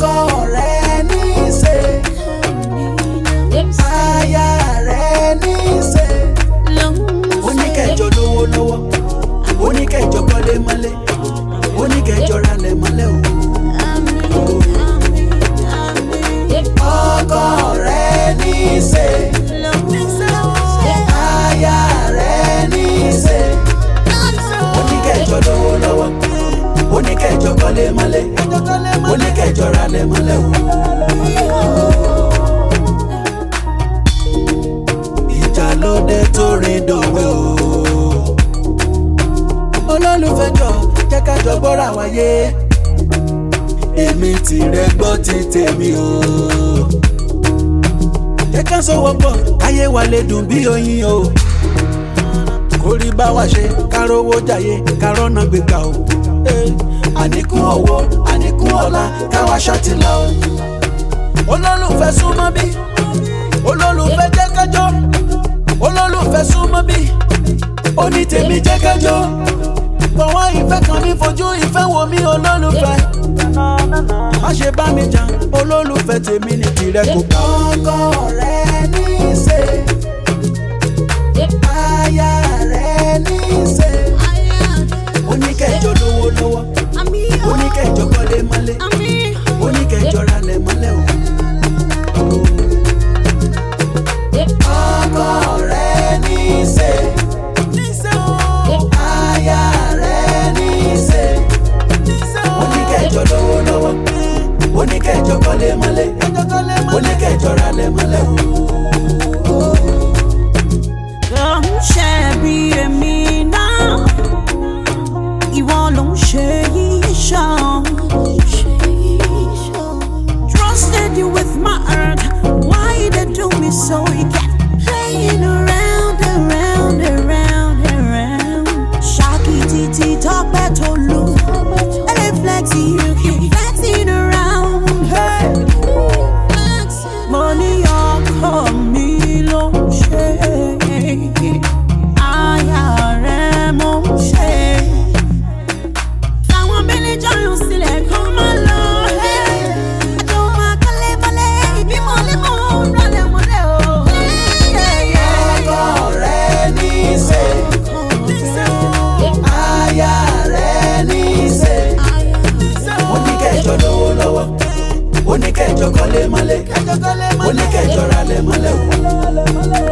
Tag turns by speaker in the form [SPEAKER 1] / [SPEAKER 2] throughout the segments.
[SPEAKER 1] Corre.
[SPEAKER 2] lé mọ́lé mo ní kẹjọra lé mọ́lé o. ìjà ló dé torí dọ̀wẹ́ o. olólùfẹ́ jọ ká jọ gbọ́ra wáyé èmi tìrẹ gbọ́ ti tèmi o. jẹ́ ká sọ wọ́pọ̀ ayé wa lè dùn bí oyin o kórí bá wa ṣe kárówó jàyè kárọ́nà gbégbá o àníkù owó àníkù ọlá káwa ṣáàtì lọ. olólùfẹ́ súnmọ́ bí olólùfẹ́ jẹ́ kájọ́ olólùfẹ́ súnmọ́ bí oní tèmi jẹ́ kájọ́ pọ̀wọ́ ìfẹ́ kan mi fojú ìfẹ́ wo mi olólùfẹ́ má ṣe bá mi jà olólùfẹ́ tèmi ní tirẹ̀ kò
[SPEAKER 1] kọ́. ọkọ rẹ.
[SPEAKER 2] lọ́wọ́ oníkẹ́jọ kọ́lé mọ́lé oníkẹ́jọ ralẹ̀ mọ́lẹ̀ o. mọ́lé mọ́lé oníkẹjọra lẹ mọ́lẹ̀ wò.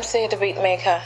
[SPEAKER 1] Fancy the Beatmaker.